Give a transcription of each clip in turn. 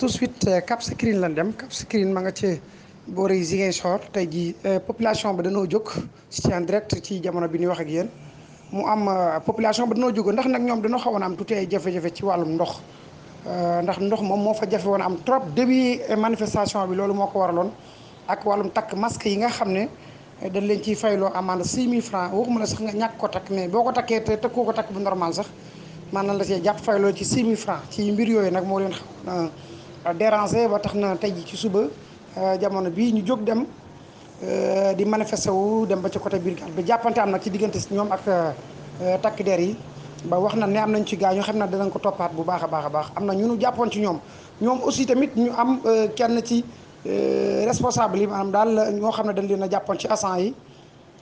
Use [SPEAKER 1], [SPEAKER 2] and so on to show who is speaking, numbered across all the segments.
[SPEAKER 1] tout de suite euh, Cap Skirring lan dem Cap Skirring ma nga ci boori Ziguinchor tey jii euh, population bi danoo jóg ci en direct ci jamono bi ñuy wax ak yéen mu am euh, population bi danoo jóg ndax nag ñoom danoo xawoon am tuuti ay ci wàllum ndox ndax ndox moom moo fa jafe woon am trop début manifestation bi loolu moo ko waraloon ak wàllum takk masque yi nga xam ne dañ leen ciy fayloo amende 6000 francs waxuma la sax nga ñàkk ko takk mais boo ko takkee te tëkkoo ko takk bu normal sax maanaam la see jàpp fayloo ci 6000 francs ci mbir yooyu nag moo leen dérangé ba tax na tey ji ci suba euh, jamono bii ñu jóg dem euh, di manifester wu dem ba ci côté brigade ba jàppante am na ci diggante si ñoom ak euh, takk der yi ba wax na ne am nañ ci gaa gaañu xam na danañ ko toppaat bu baax a baax a baax am na ñu nu jàppoon ci ñoom ñoom aussi tamit ñu am kenn ci responsable yi maanaam daal ñoo xam ne dañ leen a jàppoon ci agent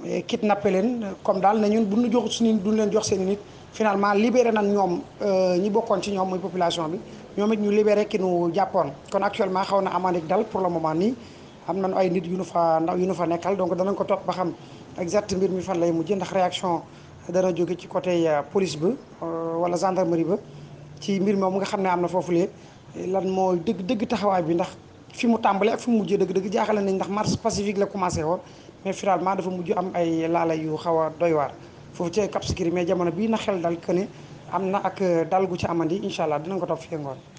[SPEAKER 1] yi nappe leen comme daal na ñun bu ñu jox suñu duñ leen jox seen nit finalement libéré nañ ñoom euh, ñi bokkoon ci ñoom muy population bi ñoom it ñu libéré ki nu jàppoon kon actuellement xaw na amandik dal pour le moment nii am na nañu ay nit yu nu fa ndaw yu nu fa nekkal donc danañ ko topp ba xam exact mbir mi fan lay mujj ndax réaction dana jóge ci côté euh, police ba euh, wala gendarmerie ba ci mbir moom nga xam ne am na foofu lee lan moo dëgg dëgg taxawaay bi ndax fi mu tàmbale ak fi mu mujjee dëgg dëgg jaaxale nañ ndax marche pacifique la commencé woon mais dafa mujj am ay laala yu xaw a doy waar foofu ci Cap Skirring mais jamono bii na xel dal que ne am na ak dal gu ci amandi incha allah dinañ ko topp fii ngoon